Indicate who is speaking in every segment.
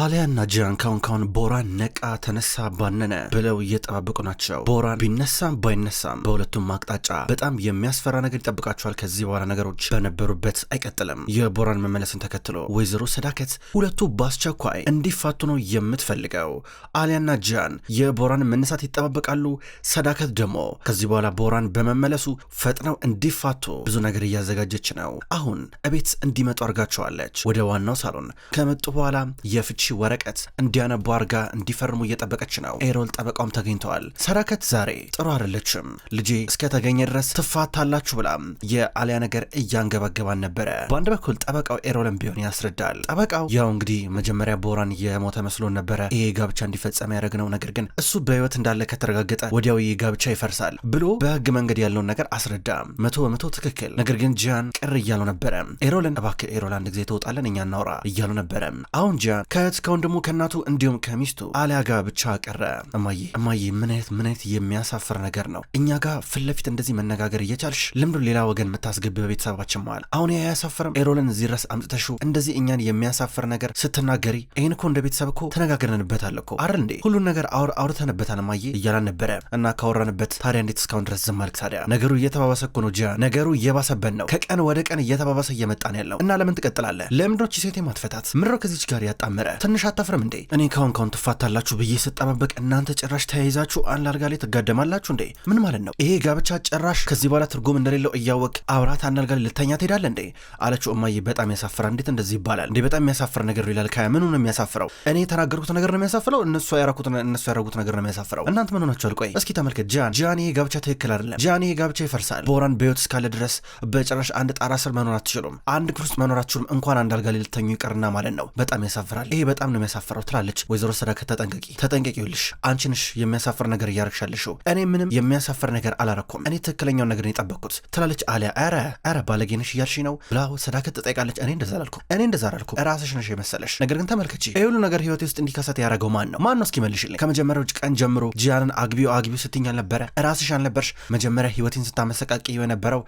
Speaker 1: አሊያና ጂያን ካሁን ካሁን ቦራን ነቃ ተነሳ ባነነ ብለው እየጠባበቁ ናቸው። ቦራን ቢነሳም ባይነሳም በሁለቱም አቅጣጫ በጣም የሚያስፈራ ነገር ይጠብቃቸዋል። ከዚህ በኋላ ነገሮች በነበሩበት አይቀጥልም። የቦራን መመለስን ተከትሎ ወይዘሮ ሰዳከት ሁለቱ በአስቸኳይ እንዲፋቱ ነው የምትፈልገው። አሊያና ጂያን የቦራን መነሳት ይጠባበቃሉ። ሰዳከት ደግሞ ከዚህ በኋላ ቦራን በመመለሱ ፈጥነው እንዲፋቱ ብዙ ነገር እያዘጋጀች ነው። አሁን እቤት እንዲመጡ አድርጋቸዋለች። ወደ ዋናው ሳሎን ከመጡ በኋላ የፍቺ ወረቀት እንዲያነቡ አርጋ እንዲፈርሙ እየጠበቀች ነው። ኤሮል ጠበቃውም ተገኝተዋል። ሰረከት ዛሬ ጥሩ አይደለችም፣ ልጄ እስከተገኘ ድረስ ትፋታላችሁ ብላም የአሊያ ነገር እያንገባገባን ነበረ። በአንድ በኩል ጠበቃው ኤሮልን ቢሆን ያስረዳል። ጠበቃው ያው እንግዲህ መጀመሪያ ቦራን የሞተ መስሎን ነበረ ይሄ ጋብቻ እንዲፈጸም ያደረግነው፣ ነገር ግን እሱ በህይወት እንዳለ ከተረጋገጠ ወዲያው ጋብቻ ይፈርሳል ብሎ በህግ መንገድ ያለውን ነገር አስረዳ። መቶ በመቶ ትክክል። ነገር ግን ጂያን ቅር እያሉ ነበረ። ኤሮልን እባክህ ኤሮል አንድ ጊዜ ተወጣለን እኛ እናውራ እያሉ ነበረ። አሁን ጂያን ከእህት እስካሁን ደግሞ ከእናቱ እንዲሁም ከሚስቱ አሊያ ጋር ብቻ ቀረ። እማዬ እማዬ፣ ምን አይነት ምን አይነት የሚያሳፍር ነገር ነው! እኛ ጋር ፊት ለፊት እንደዚህ መነጋገር እየቻልሽ ልምዱ ሌላ ወገን የምታስገቢ በቤተሰባችን መዋል አሁን አያሳፍርም? ኤሮልን እዚህ ድረስ አምጥተሹ እንደዚህ እኛን የሚያሳፍር ነገር ስትናገሪ፣ ይህን እኮ እንደ ቤተሰብ እኮ ተነጋግረንበታል እኮ አር እንዴ? ሁሉን ነገር አውርተንበታል እማዬ እያላን ነበረ። እና ካወራንበት ታዲያ እንዴት እስካሁን ድረስ ዝም አልክ? ታዲያ ነገሩ እየተባባሰ እኮ ነው ጂያን፣ ነገሩ እየባሰበት ነው። ከቀን ወደ ቀን እየተባባሰ እየመጣን ያለው እና ለምን ትቀጥላለህ? ለምንድኖች ሴት ማትፈታት ምድሮ ከዚች ጋር ያጣመረ ትንሽ አታፍርም እንዴ? እኔ ካሁን ካሁን ትፋታላችሁ ብዬ ስጠባበቅ እናንተ ጭራሽ ተያይዛችሁ አንድ አልጋ ላይ ትጋደማላችሁ እንዴ? ምን ማለት ነው ይሄ ጋብቻ? ጭራሽ ከዚህ በኋላ ትርጉም እንደሌለው እያወቅ አብራት አንድ አልጋ ላይ ልተኛ ትሄዳለ እንዴ? አለችው። እማዬ በጣም ያሳፍራል። እንዴት እንደዚህ ይባላል እንዴ? በጣም የሚያሳፍር ነገር ይላል። ከያ ምኑ ነው የሚያሳፍረው? እኔ የተናገርኩት ነገር ነው የሚያሳፍረው? እነሱ ያረኩት እነሱ ያረጉት ነገር ነው የሚያሳፍረው? እናንተ ምን ሆናችሁ? አልቆይ እስኪ ተመልከት። ጃን ጃን፣ ይሄ ጋብቻ ትክክል አይደለም። ጃን፣ ይሄ ጋብቻ ይፈርሳል። ቦራን በህይወት እስካለ ድረስ በጭራሽ አንድ ጣራ ስር መኖር አትችሉም። አንድ ክፍል ውስጥ መኖር አትችሉም። እንኳን አንድ አልጋ ላይ ልተኙ ይቅርና ማለት ነው። በጣም ያሳፍራል ይሄ ይሄ በጣም ነው የሚያሳፍረው ትላለች ወይዘሮ ሰዳከት። ተጠንቀቂ ተጠንቀቂ፣ ይኸውልሽ አንቺንሽ የሚያሳፍር ነገር እያረግሻለሽ እኔ ምንም የሚያሳፍር ነገር አላረኩም። እኔ ትክክለኛውን ነገር የጠበቅኩት ትላለች አሊያ። ኧረ ኧረ ባለጌነሽ እያልሽ ነው ብላ ሰዳከት ትጠይቃለች። እኔ እንደዛ አላልኩም፣ እኔ እንደዛ አላልኩም፣ ራስሽ ነሽ የመሰለሽ። ነገር ግን ተመልከች ይህ ሁሉ ነገር ህይወቴ ውስጥ እንዲከሰት ያደረገው ማን ነው? ማን ነው? እስኪ እስኪመልሽልኝ። ከመጀመሪያው ቀን ጀምሮ ጂያንን አግቢው አግቢው ስትኝ አልነበረ? ራስሽ አልነበርሽ መጀመሪያ ህይወቴን ስታመሰቃቂ የነበረው?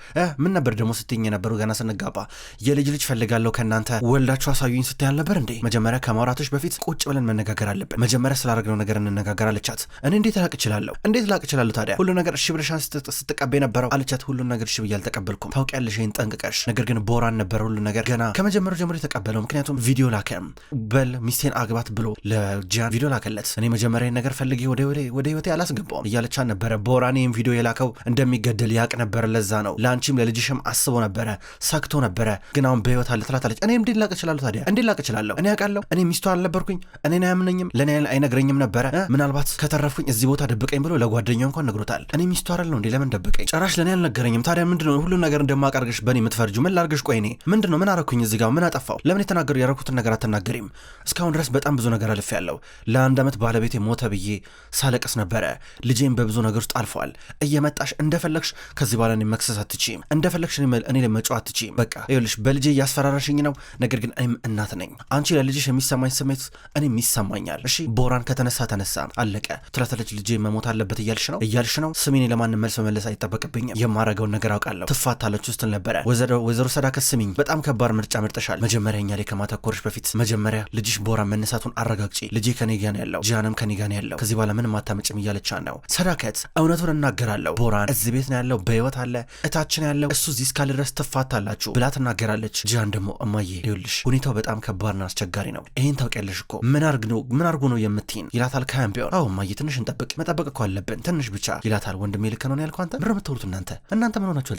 Speaker 1: ምን ነበር ደግሞ ስትኝ የነበሩ ገና ስንጋባ የልጅ ልጅ ፈልጋለሁ ከእናንተ ወልዳችሁ አሳዩኝ ስትይ አልነበር እንዴ? መጀመሪያ ከማ ከማውራቶች በፊት ቁጭ ብለን መነጋገር አለብን። መጀመሪያ ስላደረግነው ነገር እንነጋገር አለቻት። እኔ እንዴት ላቅ እችላለሁ? እንዴት ላቅ እችላለሁ? ታዲያ ሁሉ ነገር እሺ ብለሻን ስትቀበ ነበረው አለቻት። ሁሉን ነገር እሺ ብዬ አልተቀበልኩም ታውቂያለሽ፣ ይህን ጠንቅቀሽ። ነገር ግን ቦራን ነበረ ሁሉ ነገር ገና ከመጀመሪያው ጀምሮ የተቀበለው። ምክንያቱም ቪዲዮ ላከም በል ሚስቴን አግባት ብሎ ለጂያን ቪዲዮ ላከለት። እኔ መጀመሪያ ነገር ፈልጌ ወደ ወደ ህይወቴ አላስገባውም እያለቻት ነበረ። ቦራን ይህን ቪዲዮ የላከው እንደሚገደል ያቅ ነበር። ለዛ ነው ለአንቺም ለልጅሽም አስቦ ነበረ፣ ሰክቶ ነበረ። ግን አሁን በህይወት አለ ትላታለች። እኔ እንዴት ላቅ እችላለሁ? ታዲያ እንዴት ላቅ እችላለሁ? እኔ ያውቃለሁ እኔ ሚስቱ አልነበርኩኝ እኔን አያምነኝም ለእኔ አይነግረኝም ነበረ ምናልባት ከተረፍኩኝ እዚህ ቦታ ደብቀኝ ብሎ ለጓደኛው እንኳን ነግሮታል። እኔ ሚስቱ አይደል ነው እንዴ ለምን ደብቀኝ? ጭራሽ ለእኔ አልነገረኝም። ታዲያ ነው ሁሉም ነገር እንደማቃርግሽ በእኔ የምትፈርጁ? ምን ላርግሽ? ቆይ እኔ ነው ምን አረኩኝ? እዚህ ጋር ምን አጠፋው? ለምን የተናገሩ ያረኩትን ነገር አትናገሪም? እስካሁን ድረስ በጣም ብዙ ነገር ያለው ለአንድ ዓመት ባለቤቴ ሞተ ብዬ ሳለቀስ ነበረ። ልጄም በብዙ ነገር ውስጥ አልፈዋል። እየመጣሽ እንደፈለግሽ ከዚህ በኋላ እኔ መክሰስ አትችም፣ እንደፈለግሽ እኔ ላይ አትችም። በቃ ይኸውልሽ በልጄ እያስፈራራሽኝ ነው። ነገር ግን እኔም እናት ነኝ። አንቺ ለልጅሽ የሚሰማ የሚሰማኝ ስሜት እኔም ይሰማኛል። እሺ ቦራን ከተነሳ ተነሳ፣ አለቀ ትረተለች ልጄ መሞት አለበት እያልሽ ነው እያልሽ ነው ስሜኔ ለማንም መልስ መመለስ አይጠበቅብኝም። የማረገውን ነገር አውቃለሁ። ትፋታለች ውስጥ ነበረ ወይዘሮ ሰዳከት ስሚኝ፣ በጣም ከባድ ምርጫ መርጠሻል። መጀመሪያ እኛ ላይ ከማተኮርሽ በፊት መጀመሪያ ልጅሽ ቦራን መነሳቱን አረጋግጪ። ልጄ ከኔ ጋ ነው ያለው፣ ጂያንም ከኔ ጋ ነው ያለው። ከዚህ በኋላ ምንም አታመጭም እያለቻ ነው። ሰዳከት እውነቱን እናገራለሁ፣ ቦራን እዚህ ቤት ነው ያለው፣ በህይወት አለ፣ እታችን ያለው እሱ እዚህ እስካለ ድረስ ትፋታላችሁ ብላ ትናገራለች። ጂያን ደግሞ እማዬ፣ ይኸውልሽ ሁኔታው በጣም ከባድና አስቸጋሪ ነው። ይህን ምን ታውቂያለሽ እኮ ምን አርግ ነው ምን አርጎ ነው የምትይን? ይላታል ካምፒዮን። አዎ እማዬ ትንሽ እንጠብቅ፣ መጠበቅ እኮ አለብን ትንሽ ብቻ ይላታል። ወንድሜ ልክ ነው ያልከው አንተ ምር የምትወሩት እናንተ እናንተ ምን ሆናችኋል?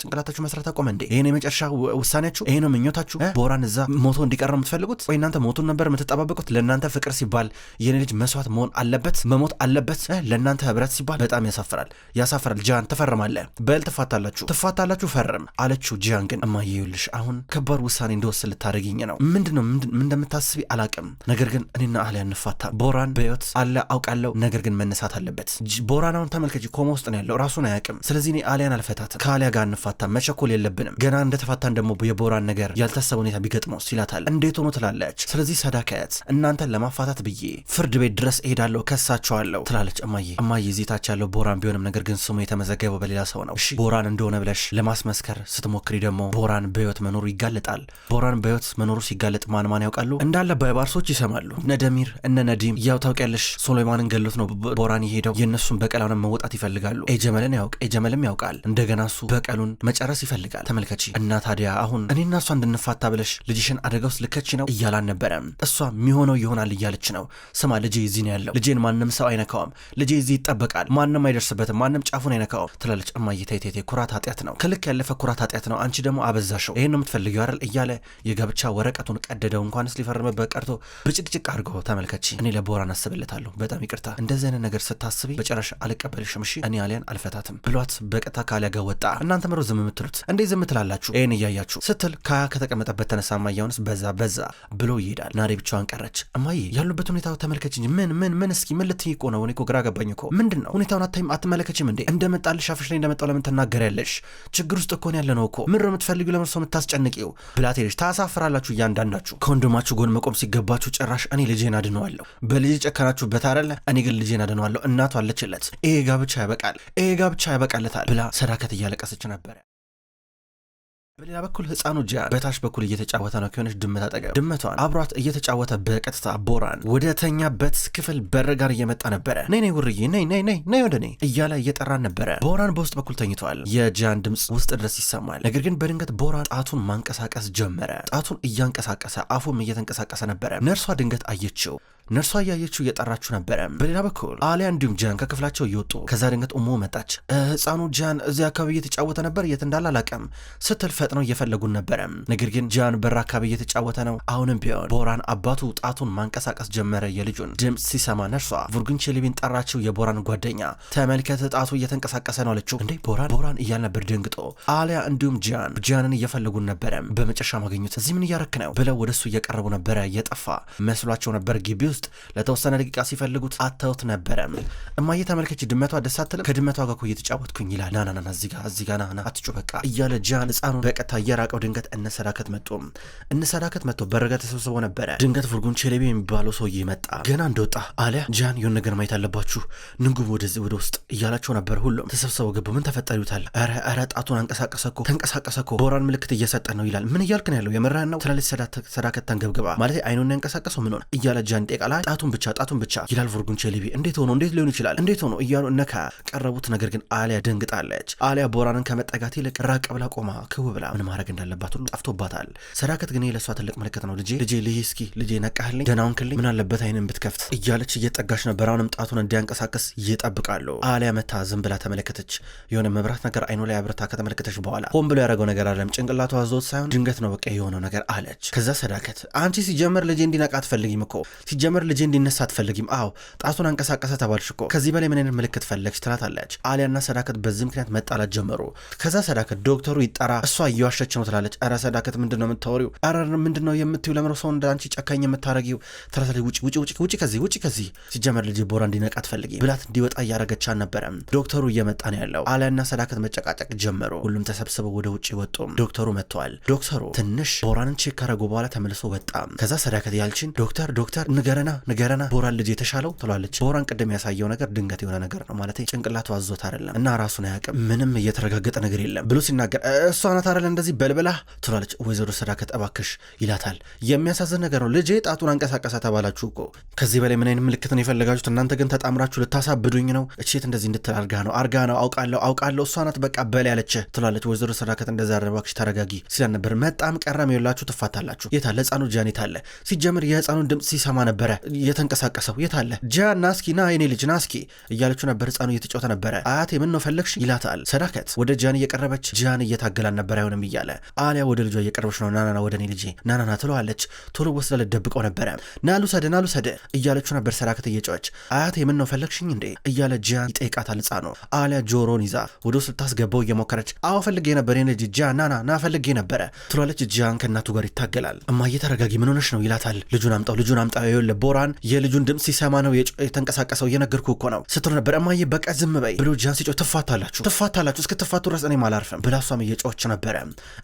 Speaker 1: ጭንቅላታችሁ መስራት አቆመ እንዴ? ይሄ ነው የመጨረሻ ውሳኔያችሁ? ይሄ ነው ምኞታችሁ? ቦራን እዛ ሞቶ እንዲቀር ነው የምትፈልጉት? ወይ እናንተ ሞቱን ነበር የምትጠባበቁት? ለእናንተ ፍቅር ሲባል የኔ ልጅ መስዋዕት መሆን አለበት መሞት አለበት ለእናንተ ህብረት ሲባል በጣም ያሳፍራል፣ ያሳፍራል። ጂያን ትፈርማለህ፣ በል ትፋታላችሁ፣ ትፋታላችሁ፣ ፈርም አለችው። ጂያን ግን እማዬ ይኸውልሽ አሁን ከባድ ውሳኔ እንደወስን ልታደርጊኝ ነው። ምንድን ነው ምን እንደምታስቢ አላቅም። ነገር ግን እኔና አህል ያንፋታ ቦራን በህይወት አለ አውቃለሁ። ነገር ግን መነሳት አለበት። ቦራን አሁን ተመልከች፣ ኮማ ውስጥ ነው ያለው፣ ራሱን አያቅም። ስለዚህ እኔ አሊያን አልፈታትም። ከአሊያ ጋር እንፋታ፣ መቸኮል የለብንም። ገና እንደተፋታን ደግሞ የቦራን ነገር ያልታሰበ ሁኔታ ቢገጥመው ሲላታል፣ እንዴት ሆኖ ትላለች። ስለዚህ ሰዳከት እናንተን ለማፋታት ብዬ ፍርድ ቤት ድረስ እሄዳለሁ፣ ከሳቸዋለሁ ትላለች። እማዬ እማዬ ዜታች ያለው ቦራን ቢሆንም ነገር ግን ስሙ የተመዘገበው በሌላ ሰው ነው። እሺ ቦራን እንደሆነ ብለሽ ለማስመስከር ስትሞክሪ ደግሞ ቦራን በህይወት መኖሩ ይጋለጣል። ቦራን በህይወት መኖሩ ሲጋለጥ ማን ማን ያውቃሉ እንዳለ በባርሶች ይሰማሉ። እነ ደሚር እነ ነዲም ያው ታውቂያለሽ፣ ሶሎማንን ገሎት ነው ቦራን የሄደው። የእነሱን በቀል መወጣት ይፈልጋሉ። ኤጀመልን ያውቅ ኤጀመልም ያውቃል። እንደገና እሱ በቀሉን መጨረስ ይፈልጋል። ተመልከቺ እና ታዲያ አሁን እኔና እሷ እንድንፋታ ብለሽ ልጅሽን አደጋ ውስጥ ልከቺ ነው እያላን ነበረም። እሷ የሚሆነው ይሆናል እያለች ነው። ስማ ልጄ እዚህ ነው ያለው። ልጄን ማንም ሰው አይነካውም። ልጄ እዚህ ይጠበቃል። ማንም አይደርስበትም። ማንም ጫፉን አይነካውም ትላለች። እማዬ ተይ ተይ ተይ፣ ኩራት ኃጢአት ነው። ከልክ ያለፈ ኩራት ኃጢአት ነው። አንቺ ደግሞ አበዛሽው። ይህን ነው የምትፈልጊው አይደል? እያለ የጋብቻ ወረቀቱን ቀደደው። እንኳንስ ሊፈርምበት በቀርቶ ብጭቅጭቅ አድርገው ተመልከች። እኔ ለቦራን አስብለታለሁ። በጣም ይቅርታ እንደዚህ አይነት ነገር ስታስቢ በጨረሻ አልቀበልሽም። እሺ እኔ አሊያን አልፈታትም ብሏት በቀጥታ ካሊያ ጋር ወጣ። እናንተ ምሮ ዝም የምትሉት እንዴ? ዝም ትላላችሁ ይህን እያያችሁ ስትል ካያ ከተቀመጠበት ተነሳ። ማያውንስ በዛ በዛ ብሎ ይሄዳል። ናሬ ብቻዋን ቀረች። እማዬ ያሉበት ሁኔታ ተመልከች እንጂ ምን ምን ምን እስኪ ምን ልትይ እኮ ነው? እኔ እኮ ግራ ገባኝ እኮ ምንድን ነው ሁኔታውን አታይም? አትመለከችም እንዴ? እንደመጣልሽ አፍሽ ላይ እንደመጣው ለምን ትናገሪያለሽ? ችግር ውስጥ እኮ ነው ያለ ነው እኮ ምን ነው የምትፈልጊው ለመርሶ የምታስጨንቂው ብላት ሄደች። ታሳፍራላችሁ እያንዳንዳችሁ ከወንድማችሁ ጎን መቆ ማቆም ሲገባችሁ ጭራሽ እኔ ልጄን አድነዋለሁ፣ በልጅ ጨከናችሁበት አይደለ? እኔ ግን ልጄን አድነዋለሁ። እናቷ አለችለት። ይሄ ጋብቻ ያበቃል፣ ይሄ ጋብቻ ያበቃለታል ብላ ሰዳከት እያለቀሰች ነበር። በሌላ በኩል ህፃኑ ጃን በታች በኩል እየተጫወተ ነው። ከሆነች ድመት አጠገብ ድመቷን አብሯት እየተጫወተ በቀጥታ ቦራን ወደ ተኛበት ክፍል በር ጋር እየመጣ ነበረ። ነይ ነይ ውርዬ ነይ ነይ ነይ ነይ ወደ እኔ እያለ እየጠራን ነበረ። ቦራን በውስጥ በኩል ተኝቷል። የጃን ድምፅ ውስጥ ድረስ ይሰማል። ነገር ግን በድንገት ቦራን ጣቱን ማንቀሳቀስ ጀመረ። ጣቱን እያንቀሳቀሰ አፉም እየተንቀሳቀሰ ነበረ። ነርሷ ድንገት አየችው። ነርሷ እያየችው እየጠራችሁ ነበረ። በሌላ በኩል አሊያ እንዲሁም ጃን ከክፍላቸው እየወጡ ከዛ ድንገት ሞ መጣች። ህፃኑ ጃን እዚህ አካባቢ እየተጫወተ ነበር፣ የት እንዳለ አላውቅም ስትል ፈጥነው እየፈለጉን ነበረ። ነገር ግን ጃን በር አካባቢ እየተጫወተ ነው። አሁንም ቢሆን ቦራን አባቱ ጣቱን ማንቀሳቀስ ጀመረ። የልጁን ድምፅ ሲሰማ ነርሷ ቡርጉንቼሊቪን ጠራችው። የቦራን ጓደኛ ተመልከት፣ ጣቱ እየተንቀሳቀሰ ነው አለችው። እንዴ ቦራን ቦራን እያል ነበር ደንግጦ። አሊያ እንዲሁም ጃን ጃንን እየፈለጉን ነበረም። በመጨረሻ ማገኙት። እዚህ ምን እያረክ ነው ብለው ወደሱ እየቀረቡ ነበረ። የጠፋ መስሏቸው ነበር ግቢ ውስጥ ውስጥ ለተወሰነ ደቂቃ ሲፈልጉት አታዩት ነበረ። እማዬ ተመልከች፣ ድመቷ ደስ አትልም፣ ከድመቷ ጋር እኮ እየተጫወትኩኝ ይላል። ናናና እዚጋ እዚጋ ናና አትጩ በቃ እያለ ጃን ህፃኑን በቀጥታ እየራቀው ድንገት እነሰዳከት መጡ። እነሰዳከት መጥቶ በረጋ ተሰብስቦ ነበረ። ድንገት ፉርጉን ቼሌቤ የሚባለው ሰውዬ መጣ። ገና እንደወጣ አለ ጃን፣ የሆን ነገር ማየት አለባችሁ፣ ንጉም ወደዚህ ወደ ውስጥ እያላቸው ነበር። ሁሉም ተሰብስበው ገቡ። ምን ተፈጠር ይሉታል። ኧረ ኧረ ጣቱን አንቀሳቀሰኮ ተንቀሳቀሰኮ ቦራን ምልክት እየሰጠ ነው ይላል። ምን እያልክ ነው ያለው? የምርህን ነው ትላለች ሰዳከት ተንገብግባ። ማለት አይኑን ያንቀሳቀሰው ምን ሆነ እያለ ጃን ይጠይቃል። ላይ ጣቱን ብቻ ጣቱን ብቻ ይላል ቮርጉንቼሊቪ። እንዴት ሆኖ እንዴት ሊሆን ይችላል እንዴት ሆኖ እያሉ እነካ ቀረቡት። ነገር ግን አሊያ ደንግጣለች። አሊያ ቦራንን ከመጠጋት ይልቅ ራቅ ብላ ቆማ ክው ብላ ምን ማድረግ እንዳለባት ሁሉ ጠፍቶባታል። ሰዳከት ግን ለእሷ ትልቅ ምልክት ነው። ልጄ ልጄ ልሂ እስኪ ልጄ ነቃህልኝ፣ ደናውን ክልኝ፣ ምን አለበት አይንን ብትከፍት እያለች እየጠጋች ነበር። አሁንም ጣቱን እንዲያንቀሳቀስ ይጠብቃሉ። አሊያ መታ ዝም ብላ ተመለከተች። የሆነ መብራት ነገር አይኑ ላይ አብረታ ከተመለከተች በኋላ ሆን ብሎ ያደረገው ነገር አለም ጭንቅላቱ አዞት ሳይሆን ድንገት ነው በቃ የሆነው ነገር አለች። ከዛ ሰዳከት አንቺ ሲጀመር ልጄ እንዲነቃ አትፈልጊም እኮ ሲጀምር ልጄ እንዲነሳ አትፈልጊም? አዎ ጣቱን አንቀሳቀሰ ተባልሽ እኮ ከዚህ በላይ ምን አይነት ምልክት ፈለግች? ትላታለች። አሊያና ሰዳከት በዚህ ምክንያት መጣላት ጀመሩ። ከዛ ሰዳከት ዶክተሩ ይጠራ፣ እሷ እየዋሸች ነው ትላለች። ኧረ ሰዳከት ምንድን ነው የምታወሪው? ኧረ ምንድን ነው የምትዩ? ለምሮ ሰው እንደ አንቺ ጨካኝ የምታረጊው? ትላታለች። ውጭ ውጭ ውጭ ውጭ ከዚህ ውጭ ከዚህ ሲጀመር ልጄ ቦራ እንዲነቃ አትፈልጊ ብላት እንዲወጣ እያረገች አልነበረም። ዶክተሩ እየመጣ ነው ያለው። አሊያና ሰዳከት መጨቃጨቅ ጀመሩ። ሁሉም ተሰብስበው ወደ ውጭ ወጡ። ዶክተሩ መጥተዋል። ዶክተሩ ትንሽ ቦራንን ቼክ ካረጉ በኋላ ተመልሶ ወጣ። ከዛ ሰዳከት ያልችን ዶክተር ዶክተር ንገረ ንገረና ንገረና ቦራን ልጅ የተሻለው ትሏለች። ቦራን ቅድም ያሳየው ነገር ድንገት የሆነ ነገር ነው ማለት ጭንቅላቱ አዞት አይደለም እና ራሱን አያውቅም። ምንም እየተረጋገጠ ነገር የለም ብሎ ሲናገር እሷ ናት አይደለ እንደዚህ በልበላ ትሏለች። ወይዘሮ ሰዳከት እባክሽ ይላታል። የሚያሳዝን ነገር ነው ልጄ ጣቱን አንቀሳቀሳ ተባላችሁ እኮ ከዚህ በላይ ምን አይነት ምልክት ነው የፈለጋችሁት? እናንተ ግን ተጣምራችሁ ልታሳብዱኝ ነው። እቼት እንደዚህ እንድትል አርጋ ነው አርጋ ነው አውቃለሁ አውቃለሁ እሷ ናት በቃ በል ያለች ትሏለች። ወይዘሮ ሰዳከት እንደዛ ረባክሽ ተረጋጊ ሲላ ነበር። መጣም ቀረም የላችሁ ትፋታላችሁ። የታለ ህፃኑ ጃኔት አለ ሲጀምር የህፃኑን ድምፅ ሲሰማ ነበር ነበረ የተንቀሳቀሰው። የት አለ ጃ ናስኪ ና የኔ ልጅ ናስኪ እያለችው ነበር። ህፃኑ እየተጫወተ ነበረ። አያት የምን ነው ፈለግሽ ይላታል። ሰዳከት ወደ ጃን እየቀረበች ጃን እየታገላን ነበር። አይሆንም እያለ አሊያ ወደ ልጇ እየቀረበች ነው። ናናና ወደ እኔ ልጄ ናናና ትለዋለች። ቶሎ ወስዳ ልደብቀው ነበረ። ና ልውሰድ ና ልውሰድ እያለችው ነበር። ሰዳከት እየጮች አያት የምን ነው ፈለግሽኝ እንዴ እያለ ጃን ይጠይቃታል። ህፃኑ አሊያ ጆሮን ይዛ ወደ ውስጥ ልታስገባው እየሞከረች አዎ ፈልጌ ነበር የኔ ልጅ ጃ ናና ና ፈልጌ ነበረ ትሏለች። ጃን ከእናቱ ጋር ይታገላል። እማዬ ተረጋጊ፣ ምን ሆነሽ ነው ይላታል። ልጁን አምጣው፣ ልጁን አምጣው የለ ቦራን የልጁን ድምፅ ሲሰማ ነው የተንቀሳቀሰው። እየነገርኩ እኮ ነው ስትሮ ነበር። እማዬ በቃ ዝም በይ ብሎ ጃን ሲጮህ ትፋታላችሁ፣ ትፋታላችሁ ትፋቱ ድረስ እኔም አላርፍም ብላ እሷም እየጮኸች ነበረ።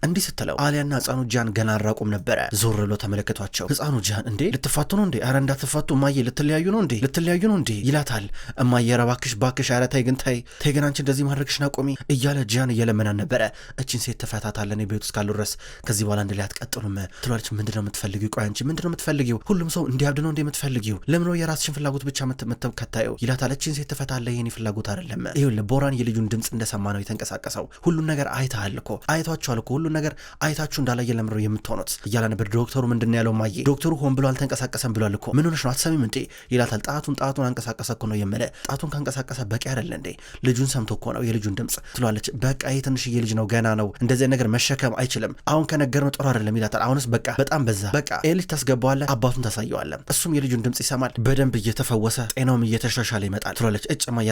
Speaker 1: እንዲህ ስትለው አሊያና ህፃኑ ጃን ገና አልራቁም ነበረ። ዞር ብሎ ተመለከቷቸው። ህፃኑ ጃን እንዴ ልትፋቱ ነው እንዴ? አረ እንዳትፋቱ እማዬ፣ ልትለያዩ ነው እንዴ? ልትለያዩ ነው እንዴ ይላታል። እማዬ ኧረ እባክሽ ባክሽ፣ ኧረ ተይ ግን ተይ ተይ ግን አንቺ እንደዚህ ማድረግሽን አቁሚ እያለ ጃን እየለመናን ነበረ። እችን ሴት ትፈታታለን ቤት ውስጥ ካሉ ድረስ ከዚህ በኋላ እንደ ላይ አትቀጥሉም ትሏለች። ምንድነው የምትፈልጊው? ቆይ አንቺ ምንድነው የምትፈልጊው? ሁሉም ሰው እንዲያብድ ነው እንዴ የምትፈልጊው? ነው የራስሽን ፍላጎት ብቻ የምትከታዩ ይላታለችን ሴት ትፈታለህ። የኔ ፍላጎት አይደለም። ይሁን ቦራን የልጁን ድምፅ እንደሰማ ነው የተንቀሳቀሰው። ሁሉን ነገር አይተሃል እኮ አይቷችኋል እኮ ሁሉን ነገር አይታችሁ እንዳላየ ለምን ነው የምትሆኑት እያለ ነበር። ዶክተሩ ምንድን ነው ያለው? ማየ ዶክተሩ ሆን ብሎ አልተንቀሳቀሰም ብሏል እኮ ምን ሆነሽ ነው አትሰሚም እንዴ? ይላታል። ጣቱን ጣቱን አንቀሳቀሰ እኮ ነው የምልህ። ጣቱን ካንቀሳቀሰ በቂ አይደለ እንዴ? ልጁን ሰምቶ እኮ ነው የልጁን ድምፅ ትሏለች። በቃ የትንሽዬ ልጅ ነው ገና ነው እንደዚህ ነገር መሸከም አይችልም። አሁን ከነገር ነው ጥሩ አይደለም ይላታል። አሁንስ በቃ በጣም በዛ። በቃ ይህ ልጅ ታስገባዋለህ፣ አባቱን ታሳየዋለህ፣ እሱም የልጁን ድምፅ ይሰማል። በደንብ እየተፈወሰ ጤናውም እየተሻሻለ ይመጣል ትሏለች። እጭማ እማዬ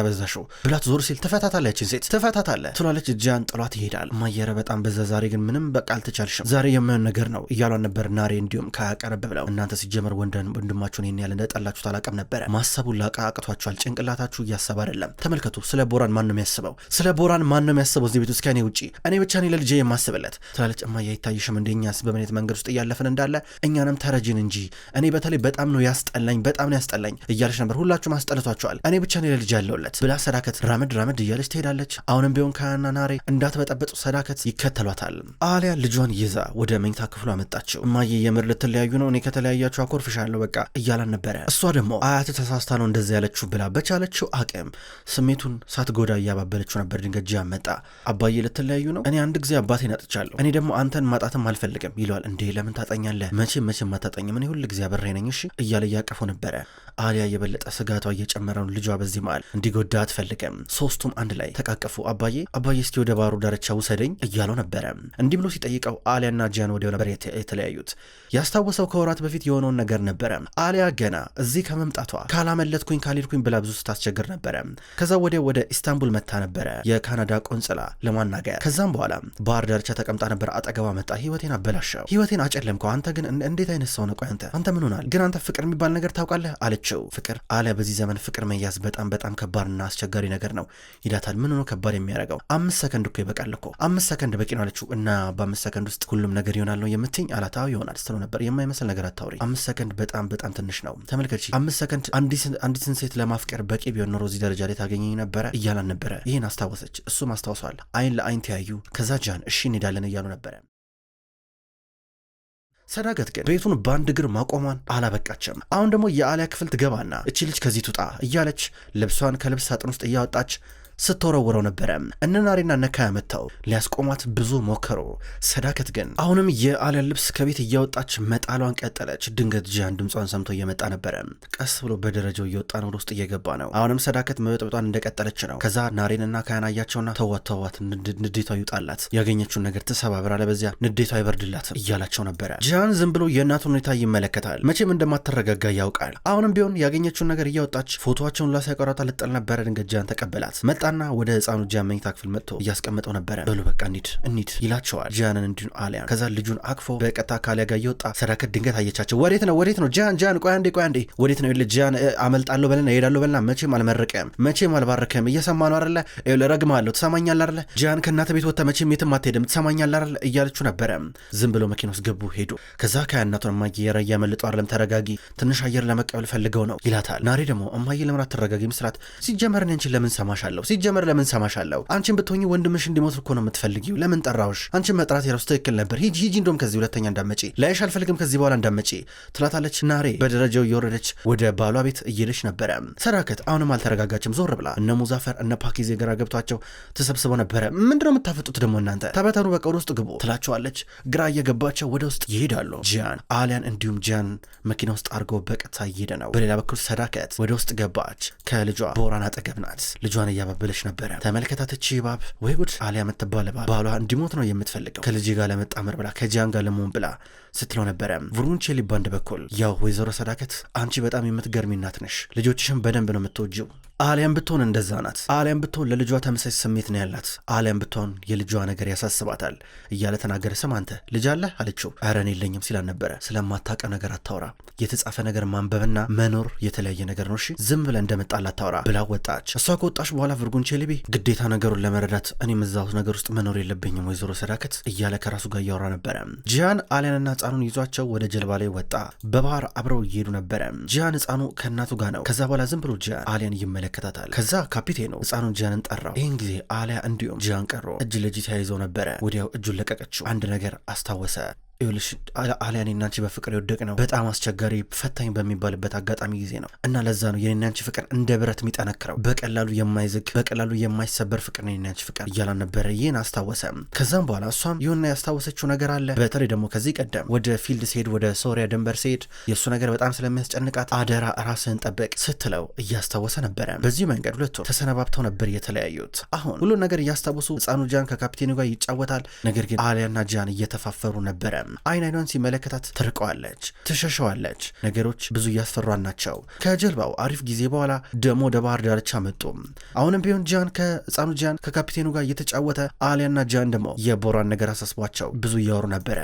Speaker 1: ብላት ዞር ሲል ትፈታታለች። ሴት ትፈታታለ ትሏለች። እጃን ጥሏት ይሄዳል። ማየረ በጣም በዛ ዛሬ ግን ምንም በቃ አልተቻልሽም። ዛሬ የማይሆን ነገር ነው እያሏን ነበር ናሬ እንዲሁም ከቀረብ ብለው እናንተ ሲጀመር ወንደን ወንድማችሁን ይህን ያለ እንደጠላችሁት አላቀም ነበረ። ማሰቡን ላቃ አቅቷችኋል። ጭንቅላታችሁ እያሰብ አይደለም። ተመልከቱ። ስለ ቦራን ማን ነው የሚያስበው? ስለ ቦራን ማን ነው የሚያስበው እዚህ ቤት ውስጥ ከኔ ውጭ እኔ ብቻ እኔ ለልጄ የማስብለት ትላለች። እማዬ አይታይሽም እንደኛስ በምኔት መንገድ ውስጥ እያለፍን እንዳለ እኛንም ተረጅን እንጂ እኔ በተለይ በጣም ነው ያስጠላኝ፣ በጣም ነው ያስጠላኝ እያለች ነበር። ሁላችሁም አስጠልቷቸዋል፣ እኔ ብቻ ነው ልጅ ያለውለት ብላ ሰዳከት ራምድ ራምድ እያለች ትሄዳለች። አሁንም ቢሆን ካያና ናሬ እንዳትበጠበጡ ሰዳከት ይከተሏታል። አሊያ ልጇን ይዛ ወደ መኝታ ክፍሉ አመጣችው። እማዬ የምር ልትለያዩ ነው፣ እኔ ከተለያያችሁ አኮርፍሻለሁ በቃ እያላን ነበረ። እሷ ደግሞ አያት ተሳስታ ነው እንደዚህ ያለችው ብላ በቻለችው አቅም ስሜቱን ሳትጎዳ እያባበለችው ነበር። ድንገት ጂያን መጣ። አባዬ ልትለያዩ ነው? እኔ አንድ ጊዜ አባቴ አጥቻለሁ፣ እኔ ደግሞ አንተን ማጣትም አልፈልግም ይለዋል። እንዴ ለምን ታጠኛለህ? መቼም መቼም አታጠኝም፣ እኔ ሁል ጊዜ አብሬ ነኝ እሺ እያለ እያለ እያቀፈው ነበረ። አሊያ የበለጠ ስጋቷ እየጨመረ ነው። ልጇ በዚህ መሃል እንዲጎዳ አትፈልግም። ሶስቱም አንድ ላይ ተቃቀፉ። አባዬ አባዬ እስኪ ወደ ባህሩ ዳርቻ ውሰደኝ እያለው ነበረ። እንዲህ ብሎ ሲጠይቀው አሊያና ጂያን ወዲያው ነበር የተለያዩት። ያስታወሰው ከወራት በፊት የሆነውን ነገር ነበረ። አሊያ ገና እዚህ ከመምጣቷ ካላመለጥኩኝ ካልሄድኩኝ ብላ ብዙ ስታስቸግር ነበረ። ከዛ ወዲያው ወደ ኢስታንቡል መታ ነበረ የካናዳ ቆንጽላ ለማናገር። ከዛም በኋላ ባህር ዳርቻ ተቀምጣ ነበር። አጠገባ መጣ። ህይወቴን አበላሸው፣ ህይወቴን አጨለምከው። አንተ ግን እንዴት አይነት ሰው ቆይ አንተ አንተ ምን ሆናል? ግን አንተ ፍቅር ፍቅር የሚባል ነገር ታውቃለህ አለችው። ፍቅር አለ በዚህ ዘመን ፍቅር መያዝ በጣም በጣም ከባድና አስቸጋሪ ነገር ነው ይላታል። ምን ሆኖ ከባድ የሚያደርገው አምስት ሰከንድ እኮ ይበቃል እኮ አምስት ሰከንድ በቂ ነው አለችው። እና በአምስት ሰከንድ ውስጥ ሁሉም ነገር ይሆናል ነው የምትኝ አላት። አዎ ይሆናል ስትለው ነበር። የማይመስል ነገር አታውሪ፣ አምስት ሰከንድ በጣም በጣም ትንሽ ነው። ተመልከች፣ አምስት ሰከንድ አንዲትን ሴት ለማፍቀር በቂ ቢሆን ኖሮ እዚህ ደረጃ ላይ ታገኘኝ ነበረ እያላን ነበረ። ይህን አስታወሰች፣ እሱም አስታውሷል። አይን ለአይን ተያዩ። ከዛ ጃን እሺ እንሄዳለን እያሉ ነበረ። ሰዳገት ግን ቤቱን በአንድ እግር ማቆሟን አላበቃችም። አሁን ደግሞ የአሊያ ክፍል ትገባና እቺ ልጅ ከዚህ ትውጣ እያለች ልብሷን ከልብስ ሳጥን ውስጥ እያወጣች ስትወረውረው ነበረ። እነናሬና ነካ ያመታው ሊያስቆማት ብዙ ሞከሩ። ሰዳከት ግን አሁንም የአሊያን ልብስ ከቤት እያወጣች መጣሏን ቀጠለች። ድንገት ጂያን ድምጿን ሰምቶ እየመጣ ነበረ። ቀስ ብሎ በደረጃው እየወጣ ነው፣ ወደ ውስጥ እየገባ ነው። አሁንም ሰዳከት መበጥበጧን እንደቀጠለች ነው። ከዛ ናሬንና ካህን አያቸውና ተዋት፣ ንዴቷ ይውጣላት፣ ያገኘችውን ነገር ትሰባብራ፣ ለበዚያ ንዴቷ አይበርድላትም እያላቸው ነበረ። ጂያን ዝም ብሎ የእናቱን ሁኔታ ይመለከታል። መቼም እንደማትረጋጋ ያውቃል። አሁንም ቢሆን ያገኘችውን ነገር እያወጣች ፎቶቸውን ላሳይቀሯታ ልጠል ነበረ። ድንገት ጂያን ተቀበላት። መጣና ወደ ህፃኑ ጂያን መኝታ ክፍል መጥቶ እያስቀመጠው ነበረ። በሉ በቃ እንሂድ እንሂድ ይላቸዋል። ጂያንን እንዲሁ አሊያን። ከዛ ልጁን አቅፎ በቀጥታ ካሊያ ጋር እየወጣ ሰዳከት ድንገት አየቻቸው። ወዴት ነው ወዴት ነው ጂያን ጂያን፣ ቆይ አንዴ ቆይ አንዴ፣ ወዴት ነው ይል ጂያን፣ አመልጣለሁ በለና እሄዳለሁ በለና መቼም አልመረቀም መቼም አልባረከም። እየሰማ ነው አለ ረግማለሁ፣ ትሰማኛለህ አለ ጂያን፣ ከእናተ ቤት ወጥተህ መቼም የትም አትሄድም፣ ትሰማኛለህ አለ እያለችው ነበረ። ዝም ብሎ መኪና ውስጥ ገቡ ሄዱ። ከዛ እናቱን እማዬ የረ እያመልጡ አለም፣ ተረጋጊ፣ ትንሽ አየር ለመቀበል ፈልገው ነው ይላታል። ናሬ ደግሞ እማዬ ለምን አትረጋጊ ምስራት ሲጀመርን እንችን ለምን ሰማሻለሁ ሲጀመር ለምን ሰማሻለሁ? አንቺን ብትሆኚ ወንድምሽ እንዲሞት እኮ ነው የምትፈልጊው። ለምን ጠራሁሽ? አንቺን መጥራት የራሱ ትክክል ነበር። ሂጂ ሂጂ፣ እንደውም ከዚህ ሁለተኛ እንዳመጪ ላይሽ አልፈልግም፣ ከዚህ በኋላ እንዳመጪ ትላታለች። ናሬ በደረጃው እየወረደች ወደ ባሏ ቤት እየሄደች ነበረ። ሰራከት አሁንም አልተረጋጋችም። ዞር ብላ እነ ሙዛፈር እነ ፓኪዜ ግራ ገብቷቸው ተሰብስበው ነበረ። ምንድነው የምታፈጡት ደግሞ እናንተ? ተበተኑ፣ በቃ ወደ ውስጥ ግቡ ትላቸዋለች። ግራ እየገባቸው ወደ ውስጥ ይሄዳሉ። ጂያን አሊያን እንዲሁም ጂያን መኪና ውስጥ አድርገው በቀጥታ እየሄደ ነው። በሌላ በኩል ሰዳከት ወደ ውስጥ ገባች። ከልጇ ቦራን አጠገብ ናት። ልጇን እያባበ ብለሽ ነበረ። ተመልከታትቺ እባብ ወይ ጉድ አሊያ የምትባል እባብ ባሏ እንዲሞት ነው የምትፈልገው ከልጅ ጋር ለመጣመር ብላ ከጂያን ጋር ለመሆን ብላ ስትለው ነበረ። ቭሩንቼሊ ባንድ በኩል ያው ወይዘሮ ሰዳከት አንቺ በጣም የምትገርሚ እናት ነሽ፣ ልጆችሽን በደንብ ነው የምትወጂው አሊያም ብትሆን እንደዛ ናት። አሊያም ብትሆን ለልጇ ተመሳሳይ ስሜት ነው ያላት። አሊያም ብትሆን የልጇ ነገር ያሳስባታል እያለ ተናገረ። ስም አንተ ልጅ አለህ አለችው። ኧረ እኔ የለኝም ሲል ነበረ። ስለማታውቀ ነገር አታውራ። የተጻፈ ነገር ማንበብና መኖር የተለያየ ነገር ነው። እሺ ዝም ብለ እንደመጣላት አታውራ ብላ ወጣች። እሷ ከወጣች በኋላ ቼሊቤ ግዴታ ነገሩን ለመረዳት እኔ እዛው ነገር ውስጥ መኖር የለብኝም ወይዘሮ ሰዳከት እያለ ከራሱ ጋር እያወራ ነበረ። ጂያን አሊያንና ህፃኑን ይዟቸው ወደ ጀልባ ላይ ወጣ። በባህር አብረው እየሄዱ ነበረ። ጂያን ህፃኑ ከእናቱ ጋር ነው። ከዛ በኋላ ዝም ብሎ ጂያን አሊያን ይመለ ይመለከታታል። ከዛ ካፒቴኑ ህፃኑን ጃንን ጠራው። ይህን ጊዜ አሊያ እንዲሁም ጃን ቀሮ እጅ ለእጅ ተያይዘው ነበረ። ወዲያው እጁን ለቀቀችው። አንድ ነገር አስታወሰ። ይኸውልሽ አሊያ እኔና አንቺ በፍቅር የወደቅ ነው በጣም አስቸጋሪ ፈታኝ በሚባልበት አጋጣሚ ጊዜ ነው እና ለዛ ነው የኔና አንቺ ፍቅር እንደ ብረት የሚጠነክረው በቀላሉ የማይዝግ በቀላሉ የማይሰበር ፍቅር ነው የኔና አንቺ ፍቅር እያላ ነበረ። ይህን አስታወሰ። ከዛም በኋላ እሷም ይሁና ያስታወሰችው ነገር አለ። በተለይ ደግሞ ከዚህ ቀደም ወደ ፊልድ ሲሄድ ወደ ሶሪያ ድንበር ሲሄድ የእሱ ነገር በጣም ስለሚያስጨንቃት አደራ ራስህን ጠበቅ ስትለው እያስታወሰ ነበረ። በዚህ መንገድ ሁለቱ ተሰነባብተው ነበር የተለያዩት። አሁን ሁሉን ነገር እያስታወሱ ህፃኑ ጃን ከካፕቴኑ ጋር ይጫወታል። ነገር ግን አሊያና ጃን እየተፋፈሩ ነበረ። አይን አይኗን ሲመለከታት ትርቀዋለች፣ ትሸሸዋለች። ነገሮች ብዙ እያስፈሯን ናቸው። ከጀልባው አሪፍ ጊዜ በኋላ ደግሞ ወደ ባህር ዳርቻ መጡ። አሁንም ቢሆን ጃን ከህፃኑ ጃን ከካፒቴኑ ጋር እየተጫወተ አሊያና ጃን ደግሞ የቦራን ነገር አሳስቧቸው ብዙ እያወሩ ነበረ።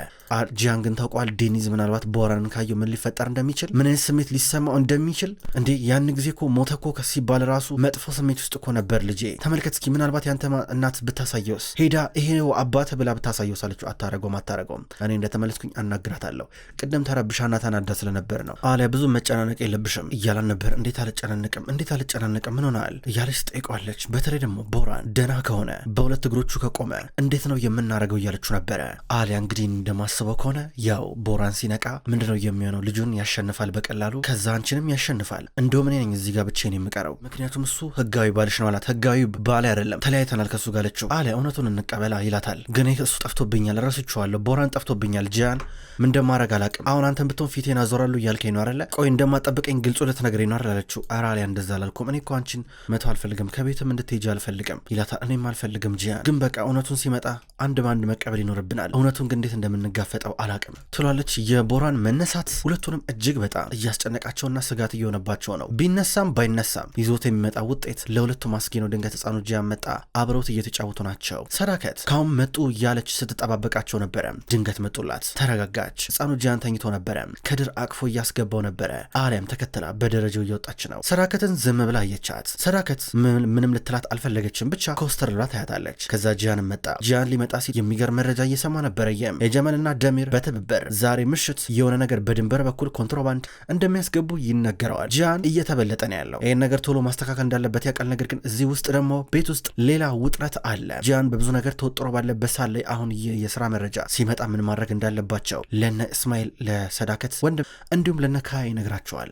Speaker 1: ጃን ግን ታውቋል። ዴኒዝ ምናልባት ቦራንን ካየው ምን ሊፈጠር እንደሚችል ምን አይነት ስሜት ሊሰማው እንደሚችል እንዴ ያን ጊዜ ኮ ሞተ ኮ ሲባል ራሱ መጥፎ ስሜት ውስጥ እኮ ነበር ልጄ። ተመልከት እስኪ ምናልባት ያንተ እናት ብታሳየውስ ሄዳ ይሄው አባተ ብላ ብታሳየውስ አለችው። አታረገውም አታረገውም እኔ እንደተመለስኩኝ አናግራታለሁ። ቅድም ተረብሻና ተናዳ ስለነበር ነው። አሊያ ብዙ መጨናነቅ የለብሽም እያላን ነበር። እንዴት አልጨናነቅም፣ እንዴት አልጨናነቅም፣ ምን ሆናል እያለች ጠይቋለች። በተለይ ደግሞ ቦራን ደና ከሆነ በሁለት እግሮቹ ከቆመ እንዴት ነው የምናደርገው እያለችው ነበረ። አሊያ እንግዲህ እንደማስበው ከሆነ ያው ቦራን ሲነቃ ምንድነው የሚሆነው? ልጁን ያሸንፋል በቀላሉ ከዛ አንቺንም ያሸንፋል። እንደውም እኔ ነኝ እዚህ ጋር ብቻዬን የምቀረው ምክንያቱም እሱ ህጋዊ ባልሽ ነው አላት። ህጋዊ ባል አይደለም ተለያይተናል ከሱ ጋር አለችው። አሊያ እውነቱን እንቀበላ ይላታል። ግን እሱ ጠፍቶብኛል፣ ረስቼዋለሁ። ቦራን ጠፍቶብኛል ይለኛል ጃን ምን እንደማረግ አላቅም። አሁን አንተን ብትሆን ፊቴን አዞራሉ እያልከኝ ነው አይደለ? ቆይ እንደማጠብቀኝ ግልጹ ልትነግረኝ ነው አላለችው። ኧረ አሊያ እንደዛ አላልኩም። እኔ እኮ አንቺን መተው አልፈልግም፣ ከቤትም እንድትሄጂ አልፈልግም ይላታል። እኔም አልፈልግም ጂያን፣ ግን በቃ እውነቱን ሲመጣ አንድ በአንድ መቀበል ይኖርብናል። እውነቱን ግን እንዴት እንደምንጋፈጠው አላቅም ትሏለች። የቦራን መነሳት ሁለቱንም እጅግ በጣም እያስጨነቃቸውና ስጋት እየሆነባቸው ነው። ቢነሳም ባይነሳም ይዞት የሚመጣ ውጤት ለሁለቱም አስጊ ነው። ድንገት ህፃኑ ጂያን መጣ። አብረውት እየተጫወቱ ናቸው። ሰዳከት ካሁን መጡ እያለች ስትጠባበቃቸው ነበረ። ድንገት መጡላት። አደረጉላት። ተረጋጋች። ህፃኑ ጂያን ተኝቶ ነበረ። ከድር አቅፎ እያስገባው ነበረ። አሊያም ተከትላ በደረጃው እየወጣች ነው። ሰዳከትን ዝም ብላ አየቻት። ሰዳከት ምንም ልትላት አልፈለገችም። ብቻ ኮስተር ብላ ታያታለች። ከዛ ጂያን መጣ። ጂያን ሊመጣ ሲል የሚገርም መረጃ እየሰማ ነበረ። የም የጀመልና ደሚር በትብብር ዛሬ ምሽት የሆነ ነገር በድንበር በኩል ኮንትሮባንድ እንደሚያስገቡ ይነገረዋል። ጂያን እየተበለጠ ነው ያለው። ይህን ነገር ቶሎ ማስተካከል እንዳለበት ያውቃል። ነገር ግን እዚህ ውስጥ ደግሞ ቤት ውስጥ ሌላ ውጥረት አለ። ጂያን በብዙ ነገር ተወጥሮ ባለበት ሳለ አሁን የስራ መረጃ ሲመጣ ምን ማድረግ እንዳለባቸው ለነ እስማኤል ለሰዳከት ወንድም እንዲሁም ለነ ካያ ይነግራቸዋል።